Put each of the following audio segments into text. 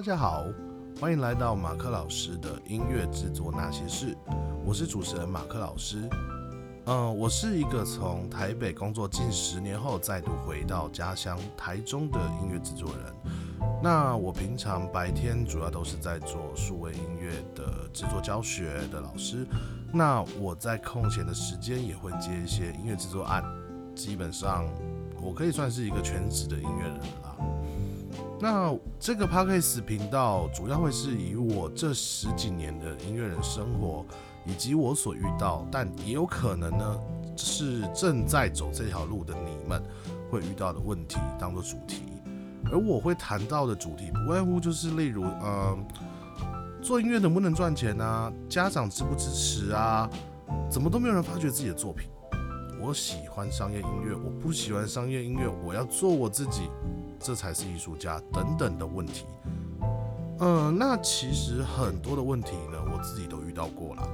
大家好，歡迎來到馬克老師的音樂製作那些事。我是主持人馬克老師。嗯，我是一個從台北工作近十年後，再度回到家鄉台中的音樂製作人。那我平常白天主要都是在做數位音樂的制作教學的老師。那我在空閒的時間也會接一些音樂製作案，基本上我可以算是一個全職的音樂人了。那這個 podcast 頻道主要會是以我這十幾年的音樂人生活，以及我所遇到，但也有可能呢是正在走這條路的你們會遇到的問題當做主題，而我會談到的主題不外乎就是例如，嗯，做音樂能不能賺錢吶、啊？家長支不支持啊？怎麼都沒有人發掘自己的作品？我喜歡商業音樂，我不喜歡商業音樂，我要做我自己。這才是藝術家等等的問題。嗯、呃，那其實很多的問題呢，我自己都遇到過了，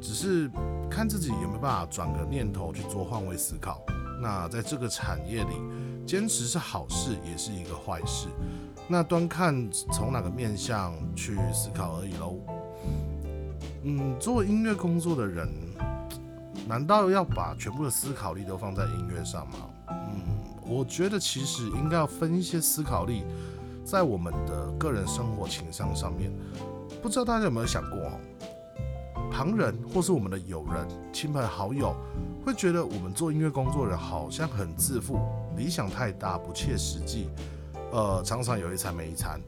只是看自己有沒有辦法轉個念頭去做換位思考。那在這個產業裡，堅持是好事，也是一個壞事。那端看從哪個面向去思考而已嘍。嗯，做音樂工作的人，難道要把全部的思考力都放在音樂上嗎？我覺得其實應該要分一些思考力，在我們的個人生活情商上面，不知道大家有沒有想過哦，旁人或是我們的友人、親朋好友會覺得我們做音樂工作的人好像很自負，理想太大不切實際，呃，常常有一餐沒一餐，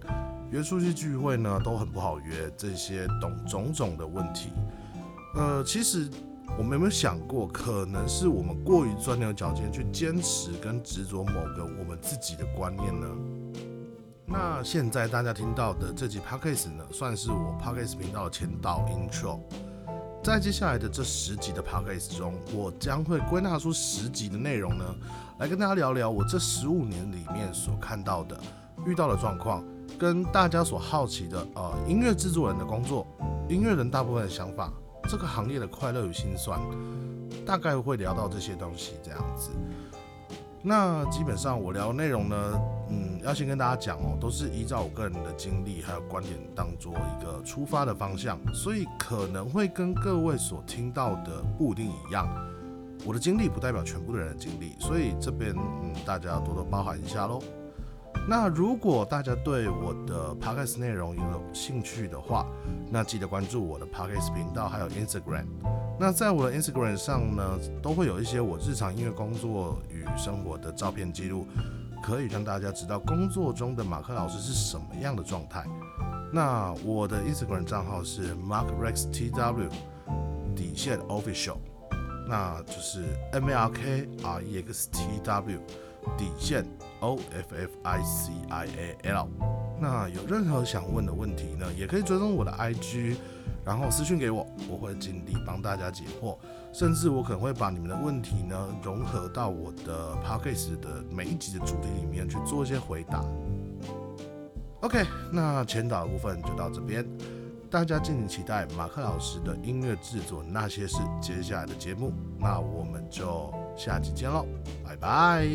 約出去聚會呢都很不好約，這些懂種種的問題，呃，其實。我們有沒有想過，可能是我們過於鑽牛角尖，去堅持跟執着某個我們自己的觀念呢？那現在大家聽到的這集 podcast 呢，算是我 podcast 頻道的前導 intro。在接下來的這十集的 podcast 中，我將會歸納出十集的內容呢，來跟大家聊聊我這十五年裡面所看到的、遇到的狀況，跟大家所好奇的，呃，音樂製作人的工作，音樂人大部分的想法。這個行業的快樂與心酸，大概會聊到這些東西，這樣子。那基本上我聊的內容呢，嗯，要先跟大家講哦，都是依照我個人的經歷還有觀點當做一個出發的方向，所以可能會跟各位所聽到的不一定一樣。我的經歷不代表全部的人的經歷，所以這邊，嗯，大家多多包涵一下嘍。那如果大家對我的 Podcast 內容有興趣的話，那記得關注我的 Podcast 頻道，還有 Instagram。那在我的 Instagram 上呢，都會有一些我日常音樂工作與生活的照片記錄，可以讓大家知道工作中的馬克老師是什麼樣的狀態。那我的 Instagram 賬號是 Mark Rex T W 底線 official，那就是 M A R K R E X T W 底線。O F F I C I A L。那有任何想問的問題呢，也可以追蹤我的 IG，然後私訊給我，我會盡力幫大家解惑，甚至我可能會把你們的問題呢融合到我的 Podcast 的每一集的主題裡面去做一些回答。OK，那前導的部分就到這邊，大家敬請期待馬克老師的音樂製作那些事接下來的節目。那我們就下集見嘍，拜拜。